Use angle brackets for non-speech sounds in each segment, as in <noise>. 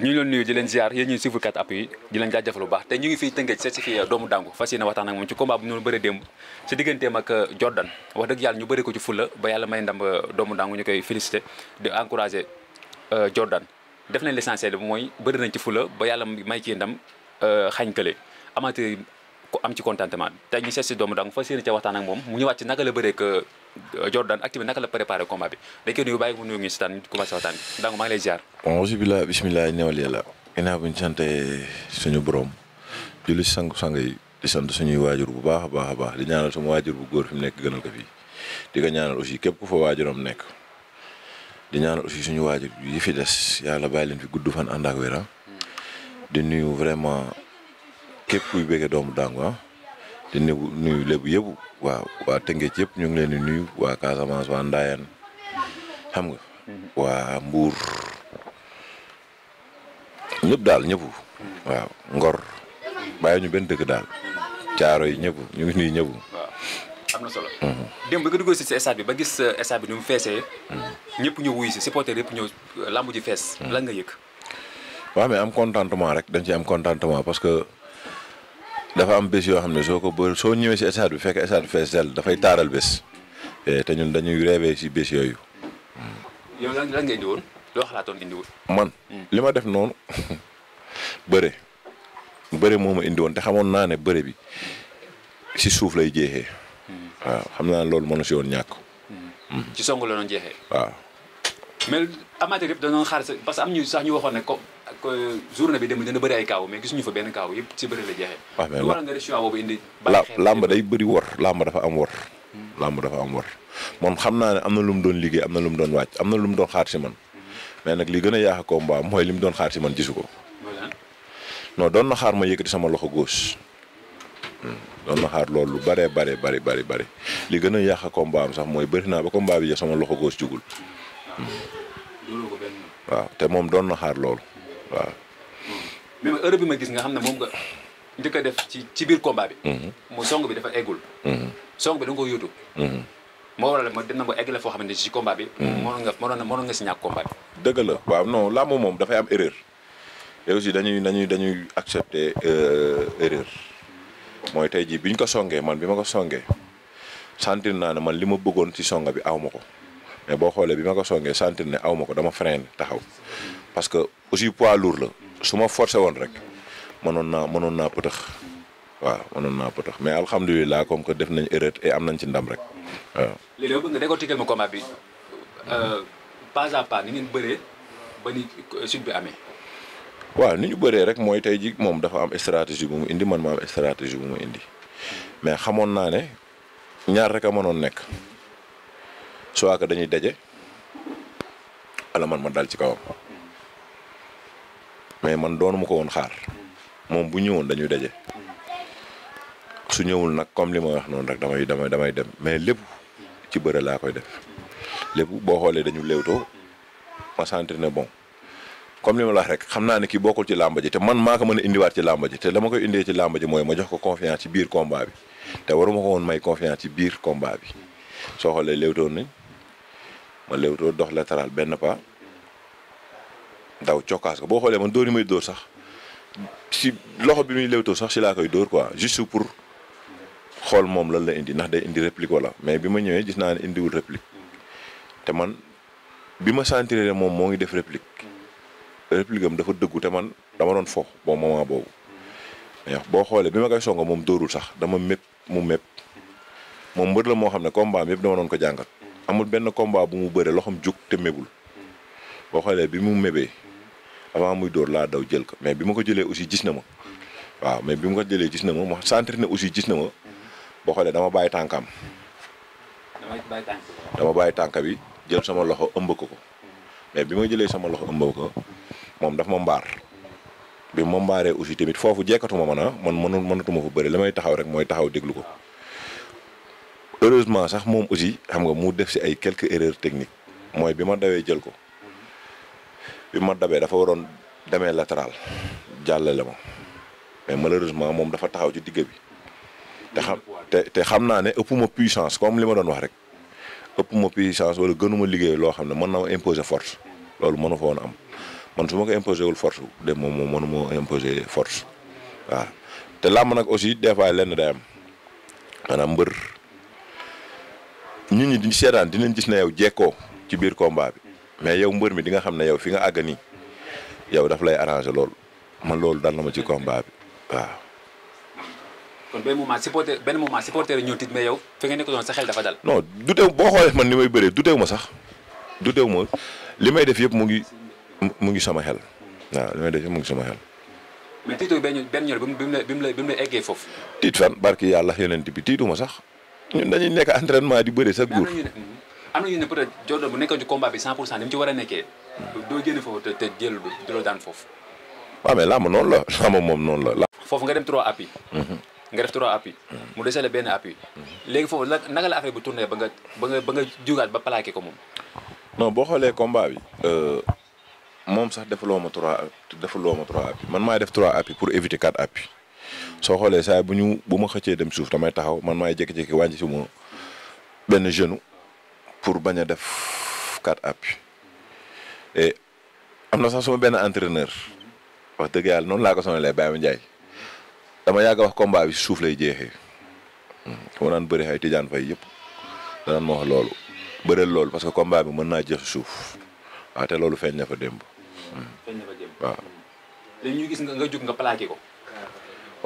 ñu ngi leen di leen ziar yéen ñuy suivre 4appuis yi di leen jaajëfal lu baax te ñu ngi fiy tëngeej seet si fi doomu dàngu fas yéene waxtaan ak moom ci combat bu ñu bëree démb si digganteem ak euh, Jordan wax dëgg yàlla ñu bëri ko ci fulla ba yàlla may ndam euh, doomu dàngu ñu koy félicité di encouragé euh, Jordan def nañ l'essentiel bi mooy bëri nañ ci fulla ba yàlla may ci ndam xañ kële amateur am ci contentement te ñu seet si doomu daanga fas yéene ca waxtaan ak moom mu ñëwaat ci naka la bëree que euh, Jordan activé naka la préparé combat bi dañ koy nuyu bàyyi mu nuyu ñu si taan ñu commencé waxtaan bi donc maa ngi lay ziar bon suñu borom julli si sang di sant suñuy waajur bu baax a baax a baax di ñaanal sama waajur bu góor fi mu nekk gënal ko fii di ko ñaanal aussi képp ku fa waajuram nekk di ñaanal aussi suñu waajur yi fi des yàlla bàyyi leen fi gudd fan ànd ak wéra ah. hmm. di nuyu vraiment képp kuy bëggee doomu Dangu ah di nuyu lébu yëpp waa waa Tëngéej yëpp ñu ngi leen di nuyu waa Casamance waa Ndayane xam nga. Mhm. waa Mbour ñëpp daal ñëpp. waaw Ngor bàyyi ñu benn dëkk daal. caaro yi ñëpp ñu ngi nuyu ñëpp. am na solo. Mhm. démb bi nga duggoo ba gis euh, stade bi ni mu feesee. Mhm. ñëpp ñëw wuyu si supporter yëpp ñëw euh, làmb ji fees. lan nga yëg. waaw mais am contentement rek dañ ci am contentement parce que dafa am bés yoo xam ne soo ko bë soo ñëwee si stade bi fekk stade bi fees dell dafay taaral bés eh, te ñun dañuy rêvé si bés yooyu. yow lan lan nga indi woon man hmm. li ma def noonu <laughs> bëre bëre moo ma indi woon te xamoon naa ne bëre bi si suuf lay jeexee. Hmm. waaw xam naa loolu mënu si woon ñàkk. ci hmm. song la doon jeexee. waaw. mais amateur yëpp dañoo xaar parce que am ñu sax ñu waxoon ne ko ak euh, journée bi dem dina bëri kaaw mais gisuñu fa benn kaaw yëpp ci bëri la jeexee. waaw mais lu waral nga def choix boobu wor làmb dafa am wor. Hmm. làmb dafa am wor moom xam naa ne am na lu mu doon liggéey am na lu mu doon wàcc am na lu mu doon xaar si man. Hmm. mais nag li gën a yaax combat mooy li mu doon xaar si man gisu ko. non doon na xaar ma yëkkati sama loxo gauche. Hmm. doon na xaar lu bëree bëri bëri bëri bëri li gën a yàq combat am sax mooy bëri naa ba combat bi sama loxo gauche jugul. waaw te moom doon na xaar loolu waaw. mais ma heure bi ma gis nga xam ne moom nga njëkk a def ci ci biir combat bi. mu mhm. song bi dafa eggul. Mhm. song bi da nga ko yóotu. Mhm. moo waral ma dina ma egg la foo xamante ne ci combat bi. mënoon nga mënoon na nga si ñàkk combat bi. dëgg la waaw non làmb moom dafay am erreur. et aussi dañuy dañuy dañuy accepter euh, erreur. mooy tey jii bi ko songee man bi ma ko songee sentir naa ne man li ma bëggoon ci songa bi aw ma ko. boo xoolee bi ma ko songee sentir ne aw ma ko dama frein taxaw parce que aussi poids lourd la su ma forcé woon rek mënoon naa mënoon naa pëtëx waaw mënoon naa pëtëx mais alhamdulilah comme que def nañ erreur et am nañ ci ndam rek waaw. léegi nag nga bi euh, pas à pas bëree ba ni sud ni ñu bëree rek mooy tey ji moom dafa am stratégie bu mu indi man ma am stratégie bu mu indi mais xamoon naa ne ñaar rek a mënoon nekk. soit que dañuy daje wala man ma daal ci kawam mais man doonu ma ko woon xaar moom bu ñëwoon dañuy daje su ñëwul nag comme li ma wax noonu rek damay damay damay dem mais lépp ci bëre laa koy def lépp boo xoolee dañu léewtoo ma sentir ne bon comme li ma la wax rek xam naa ne kii bokkul ci làmba te man maa ko mën a indiwaat ci làmba ji te dama koy indee ci làmba ji mooy ma jox ko confiance ci biir combat bi te waruma ko woon may confiance ci biir combat bi soo xoolee léewtoon nañ ma léewtoo dox latéral benn pa daw cokkaas ko boo xoolee man dóor yi may dóor sax si loxo bi muy léewtoo sax si laa koy dóor quoi juste pour xool moom lan la indi ndax day indi réplique wala mais bi ma ñëwee gis naa ne indiwul réplique te man bi ma sentir moom moo ngi def réplique réplique am dafa dëggu te man dama doon fo bon moment boobu mais boo xoolee bi ma koy songo moom dóorul sax dama mépp mu mépp moom mbër la moo xam ne kom bi yëpp dama doon ko jàngat amul benn combat bu mu bëre loxoom jug te mébul boo xoolee bi mu mébee avant muy dóor laa daw jël ko mais bi ma ko jëlee aussi gis na ma waaw mais bi ma ko jëlee gis na ma ma sentir ne aussi gis na ma boo xoolee dama bàyyi tànkam. dama bàyyi tànk bi jël sama loxo ëmb ko ko mais bi ma jëlee sama loxo ëmb ko moom dafa ma mbaar bi ma mbaaree aussi tamit foofu jekkatuma ma na man mënu mënatuma fa bëri li may taxaw rek mooy taxaw déglu ko. heureusement sax moom aussi xam nga mu def si ay quelques erreurs technique mooy bi ma dawee jël ko bi ma dabee dafa waroon demee latéral jàllale ma mais malheureusement moom dafa taxaw ci digg bi te xam te te xam naa ne ëpp ma puissance comme li ma doon wax rek ëpp ma puissance wala gënuma liggéey loo xam ne mën na ma imposer force loolu mënu fa woon am man su ma ko imposer wul force de moom moom mënu moo imposer force waaw te làmb nag aussi des fois lenn day am maanaam mbër. nit ñi di seetaan dinañ gis na yow jekkoo ci biir combat bi mais yow mbër mi di nga xam ne yow fi nga àgg nii yow daf lay arrangé lool man loolu dal na ma ci combat bi waaw. kon benn moment supporter benn moment supporter ñoo tiit mais yow fi nga nekk doon sa xel dafa dal. non boo xoolee man ni may bëree du teew ma sax du teew ma li may def yëpp mu ngi mu ngi sama xel waaw li may def yëpp mu ngi sama xel. mais tiitoo benn benn ñor bi mu lay bi mu la eggee foofu. tiit fan barki yàlla yonent bi tiitu ma sax. ñun dañuy nekk entraînement di bëre chaque jour. am na ñu ne peut être Jordan bu nekkoon ci combat bi 100 pour cent ni mu ci war a nekkee doo génn foofu te te jël du la daan foofu. waaw mais làmb noonu la làmb moom noonu la. foofu nga dem trois appui. Mhm. nga def trois appui. mu desale benn appui. Mhm. léegi foofu la naka la affaire bu tourné ba nga ba nga ba nga jugaat ba plaqué ko moom. non boo xoolee combat bi. Euh, moom sax defaloo ma trois defaloo ma trois man maay def trois appui pour éviter quatre appui. soo xoolee saa bu ñu bu ma xëccee dem suuf damay taxaw man maay jekki jékki wàññi si ma benn genou pour bañ a def quatre appuis et am na sax suma benn entraîneur wax dëgg yàlla noonu laa ko sonalee Baye Ma Ndiaye dama yàgg wax combat bi si suuf lay jeexee hmm, ku ma naan bëri ay tijaan fay yëpp danaan ma wax loolu bëreel loolu parce que combat bi mën naa jeex si suuf waaw te loolu feeñ na fa démb. Hmm. feeñ hmm. léegi ñu gis nga nga jóg nga plaqué ko.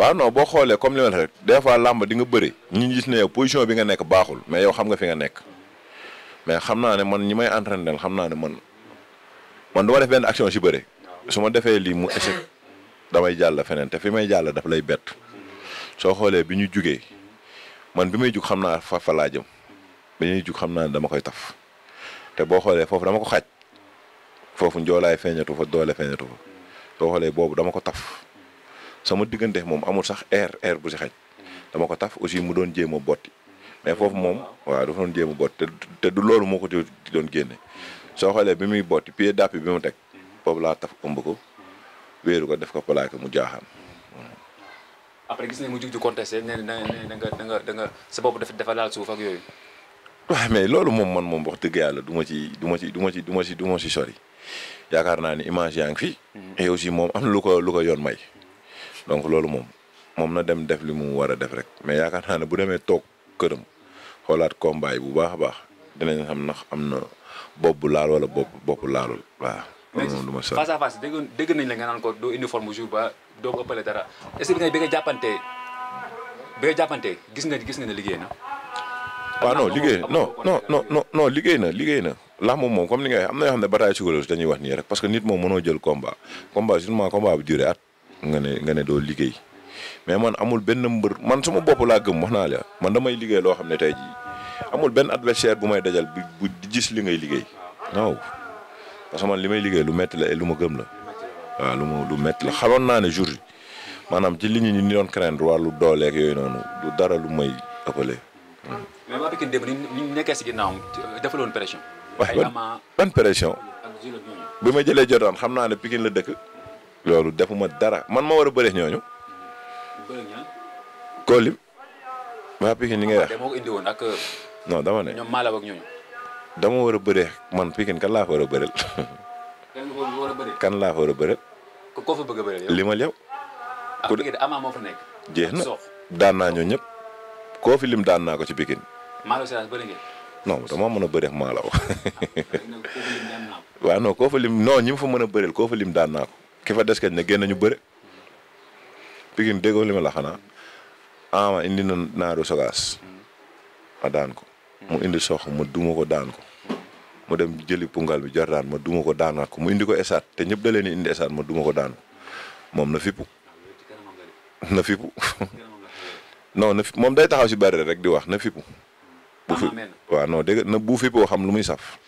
waaw non boo xoolee comme li ma rek des fois làmb di nga bëri ñu gis ne yow position bi nga nekk baaxul mais yow xam nga fi nga nekk mais xam naa ne man ñi may entraîné del xam naa ne man man du ma def benn action si bëri su ma defee lii mu échec damay jàll feneen te fi may jàll daf lay bett soo xoolee bi ñu jugee man bi may jug xam naa fa fa laa jëm bi ñuy jug xam naa ne dama koy taf te boo xoolee foofu dama ko xaaj foofu njoolaay feeñatu fa doole feeñatu fa soo xoolee boobu dama ko taf sama diggante moom amul sax air air bu si xaj dama ko taf aussi mu doon jéem a botti mais foofu moom waaw dafa doon jéem a te du loolu moo ko di doon génne soo xoolee bi muy booti pied d'appui bi mu teg boobu laa taf ëmb ko weeru ko def ko plaqué mu jaaxaan. après gis nañ mu jug di contesté nee na da nga da nga da nga sa bopp dafa dafa laal ak yooyu. waaw mais loolu moom man moom wax dëgg yàlla du ma ci du ma ci du ci du ci du ma ci sori yaakaar naa ni image yaa ngi fi. Mhm. et aussi moom am lu ko lu ko yoon may. donc loolu moom moom na dem def li mu war a def rek mais yaakaar naa ne bu demee toog këram xoolaat combat bu baax a baax dinañ xam ndax am na bopp bu laal wala bopp bopp laalul waaw. loolu moom du ma face face dégg dégg nañ la nga naan ko doo uniforme jour ba doo ko dara est-ce nga jàppante bi nga jàppante gis nga ne liggéey na. waaw ah, non liggéey non non non non liggéey na liggéey na lax moom moom comme ni nga am na yoo xam ne bataille psychologique dañuy wax nii rek parce que nit moom mënoo jël combat combat seulement combat nga ne nga ne doo liggéey mais man amul benn mbër man suma bopp laa gëm max naa la man damay liggéey loo xam ne tey jii amul benn adversaire bu may dajal bu bu gis li ngay liggéey waaw parce que man li may liggéey lu métti la et lu ma gëm la waaw lu ma lu métti la xamoon naa ne jour yi maanaam ci li ñu ni doon craindre wàllu dooleeg yooyu noonu dara lu may ëppale. mais waa Pikine démb ni ñu nekkee si ginnaawam defaloon pression. waaye ban ban pression. bi ma jëlee jotaan xam naa ne Pikine la dëkk. loolu defuma dara man ma war a bëre ñooñu. Kolim. waa Pikine li ngay wax moo indi woon ak. Euh, non dama ne ñoom Malaw ak dama war a bëree man Pikine kan laa fa war a bëreel. kan nga ko bëgg a bëreel ma lew. Ah, ku moo fa nekk. jeex na daan naa ñooñu ñëpp. koo fi lim daan naa ko ci Pikine. Malaw Seras bëri ngeen. non dama mën a bëreex Malaw. Ah, <laughs> waaw non koo fa lim non ñi ma fa mën a bëreel koo fa lim daan ko. ki fa des kañ ne génn ñu bëre. Pikine déggoo li ma la xanaa ama indi na naaru sogaas ma daan ko. mu indi sox ma duma ko daan ko. mu dem jëli pungal bi jordaan ma duma ko daanaat ko indi ko esaat te ñëpp da leen indi esaat ma duma ko daan moom na fippu na fippu <laughs> non na moom day taxaw si bari rek di wax na fippu bu fi waaw non dégg na bu fippoo xam lu muy saf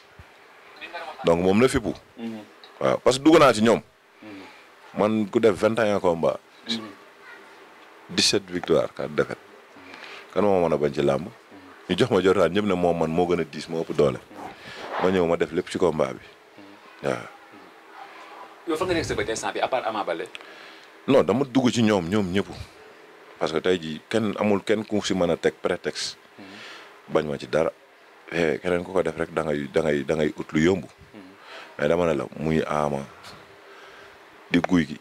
donc moom na fippu mm-hmm. waaw parce que dugg naa ñoom man ku def vingt et un combat. dix sept victoire quatre défaites. kan moo mën a bañ ci làmb. ñu jox ma jotaat ñëpp na moom man moo gën a diis moo ëpp doole. moo ñëw ma def lépp ci combat bi waaw. yow fa nga nekk sa bët instant bi à dama dugg ci ñoom ñoom ñëpp. parce que tey jii kenn amul kenn ku si mën a teg prétexte. bañ ma ci dara. Eh, keneen ku ko def rek da ngay da da ngay ut lu yomb. Hmm. mais dama ne la muy Ama. di guy gi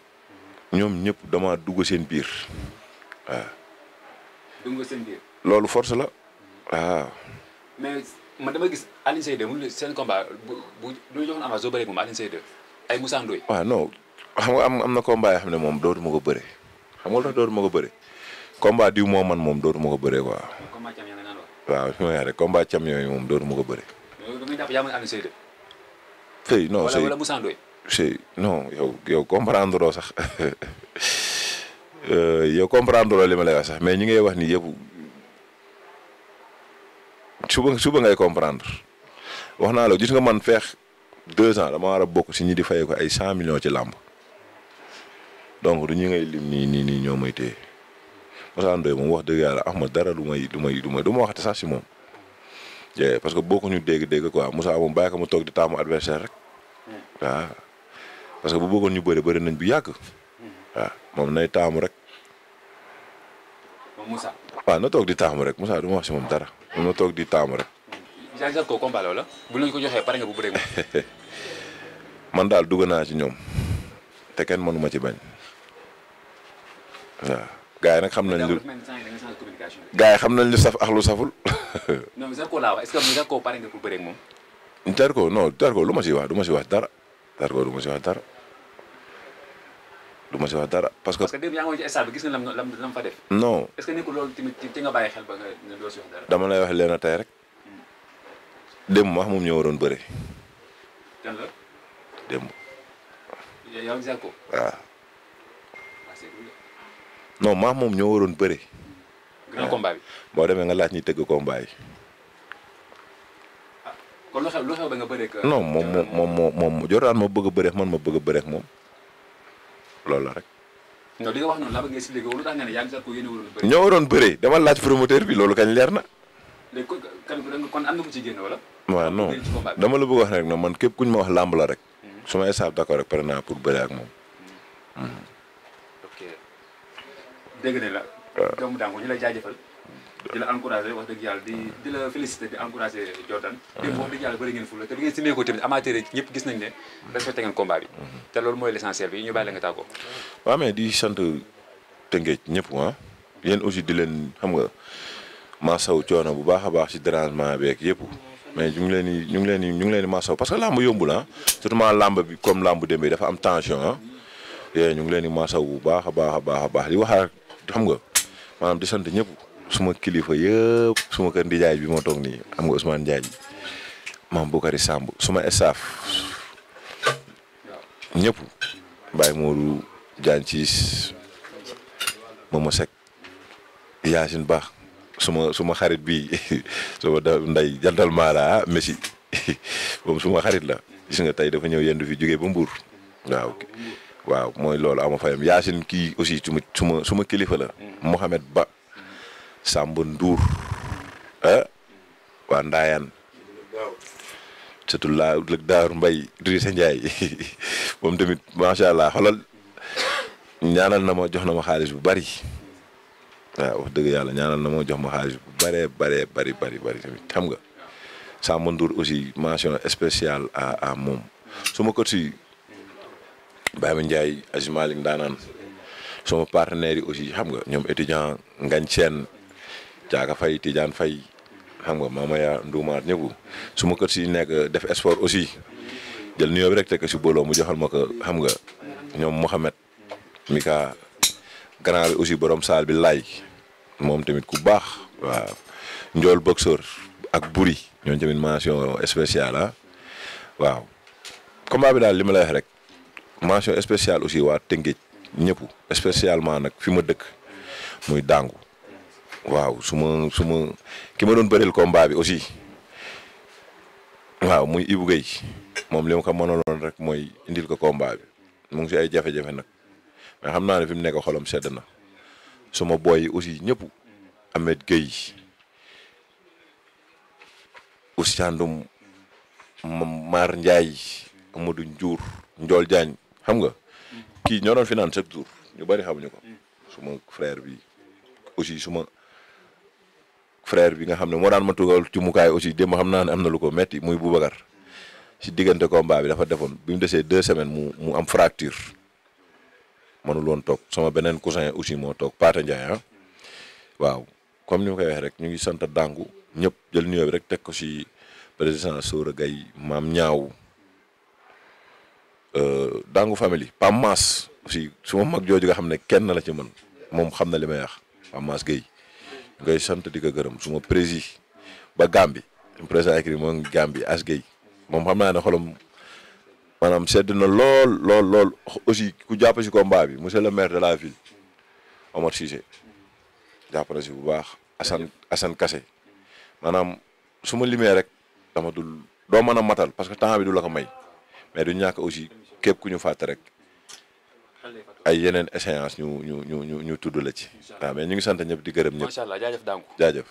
ñoom ñëpp dama dugg seen biir waaw. dugg seen biir. loolu force la waaw. mais dama gis Alioune Seye 2 mu seen combat bu bu lu moom Alioune Seye 2 ay Moussa Ndoye. waaw non xam am na combat yoo xam ne moom dootuma ko bëre xam nga lu tax dootuma ko bëre combat diw moo man moom dootuma ko bëree quoi. combat waaw fi ma rek combat cam yooyu moom dootuma ko bëre. loolu da ngay jàpp c'est non yow yow comprendre loo sax <laughs> euh, yow comprendre loo li ma lay wax sax mais ñi ngay wax ni yëpp suba suba ngay comprendre wax naa la gis nga man feex deux ans dama war a bokk si ñi di fay ko ay cent millions ci làmb donc du ñu ngay lim nii nii ñoo may téye Moussa Ndoye moom wax dëgg yàlla am ma dara lu may du may lu may du ma waxati sax si moom parce que bokkuñu dégg-dégg quoi Moussa moom bàyyi ko mu toog di taamu adversaire rek mm. ah. parce que bu bëggoon ñu bëri bëri nañ bu yàgg. Mm-hmm. waaw moom nay taamu rek. moom Moussa. na toog di taamu rek Moussa du ma wax si moom dara na toog di taamu rek. Mm-hmm. Jean Zarko la bu lañ ko joxee pare nga bu <laughs> man daal dugg naa ci ñoom te kenn mënu ma ci bañ waaw. gaa yi nag xam nañ lu yi xam nañ lu saf ak lu saful. <laughs> non Zarko laa wax est-ce lu ma ci wax du ma si wax dara. dara ko du ma si wax dara du que parce que démb yaa ngi woon ci stade lam lam fa def. non est-ce que loolu tamit ci nga bàyyi xel ba nga ne dama lay wax leen tey rek démb wax moom ñoo waroon bëre. kan la. ko. waaw. Ah, non maax moom ñoo waroon bëre. grand combat boo demee nga laaj ñi tëgg combat yi. kon lu xew lu xew moom moom moom moom Jordan ma bëgg a bëreex man ma bëgg a bëreex moom loolu la rek. li nga wax noonu laa bëgg nga expliqué wala a ñoo waroon bëree dama laaj promoteur bi loolu kañ leer na. léegi kon kon am na ku ci wala. waaw non dama la bëgg wax rek na man képp kuñ ma wax làmb la rek. Mm-hmm. su ma esaat d'accord rek pare naa pour bëre ak moom. Mm-hmm. Mm-hmm. ok na la. waaw ñu lay jaajëfal. di la encouragé wax dëgg yàlla di di la félicité di encouragé Jordan ah. démb wax dëgg yàlla bëri ngeen fulla te bi ngeen simee ko tamit amateur yi ñëpp gis nañ ne respecté ngeen combat bi mm-hmm. te loolu mooy l'essentiel bi ñu bàyyi la nga tàggoo waaw mais di sant Tëngéej ñëpp ah leen xam nga maasaw coono bu baax a baax ci dérangement beeg yëpp mais ñu ngi leen di ñu ngi leen di ñu ngi leen di maasaw parce que làmb yombul ah surtout làmb bi comme làmb démb bi dafa am tension ah yooyu ñu ngi leen di maasaw bu baax a baax a baax a baax di xam nga maanaam di sant ñëpp suma kilifa yëpp suma kër ndijaay bi moo toog nii am nga Ousmane Ndiaye maam Bokari Samb suma staff ñëpp Baye suma suma xarit bi <laughs> suma da nday jantal maala ah, Messi <laughs> moom suma xarit la gis tey dafa ñëw yendu fi jógee ba Mbour waaw mooy loolu ama fayam Yacine kii aussi suma suma suma kilifa la Mohamed Ba Samba Ndour ah waa Ndaayaan surtout laa lëg Daaru Mbay Idrissa Ndiaye <laughs> moom tamit macha allah xolal ñaanal na ma jox na ma xaalis bu bari waaw wax dëgg yàlla ñaanal na ma jox ma xaalis bu bare bëree bari bari bari tamit xam nga Samba Ndour aussi mention spéciale à à moom suma kër si Baye Ndiaye Aji Malick Ndaanaan suma partenaires yi aussi xam nga ñoom étudiant Ngagne Sène Caaka fay tiijaan Faye xam nga Mamaya Nduumaat ñëpp su ma kër si nekk def sport aussi jël nuyoo bi rek teg si booloo mu joxal ma ko xam nga ñoom Mohamed mi ka grand bi aussi borom saal bi laay moom tamit ku baax waaw njool boxeur ak buri ñooñu tamit mention spéciale ah waaw combat bi daal li ma lay wax rek mention spéciale aussi waa Tëngéej ñëpp spécialement nag fi ma dëkk muy dàngu waaw su ma su ma ki ma doon bëreel combat bi aussi waaw muy Ibou Guèye moom li ma ko mënaloon rek mooy indil ko combat bi mu ngi si ay jafe-jafe nag mais xam naa ne fi mu nekk xolam sedd na suma booy aussi ñëpp Ahmed Guèye aussi Thiandoum Mar Ndiaye Amadou xam nga kii ñoo finance chaque ñu bëri xamuñu ko suma frère bi aussi suma frère bi nga xam ne moo daan ma tugal ci mukaay aussi démb xam naa ne am na lu ko metti muy Boubacar si diggante combat bi dafa defoon bi mu desee deux semaines mu mu am fracture mënul loon toog sama beneen cousin aussi moo toog paate Ndiaye ah. waaw comme ni ma koy waxee rek ñu ngi sant dàngu ñëpp jël nuyoo bi rek teg ko si président Sora Gaye maam ñaaw euh, dàngu famille Pam Maas aussi su ma mag jooju nga xam ne kenn la ci man moom xam na li may wax Pam ngay sant di ko gërëm suma prési ba Gambie président écrit moom Gambie Asgay moom xam naa ne xolam maanaam sedd na lool lool lool aussi ku jàpp si ko combat bi monsieur le maire de la ville Omar Cissé jàpp si bu baax asan Assane Kassé maanaam su ma limee rek dama doo man a matal parce que temps bi du la ko may mais du ñàkk aussi képp ku ñu fàtte rek ay yeneen échéance ñu ñu ñu ñu ñu tudd la ci. waaw mais ñu ngi sant ñëpp di gërëm ñëpp. macha allah jaajëf Danku jaajëf.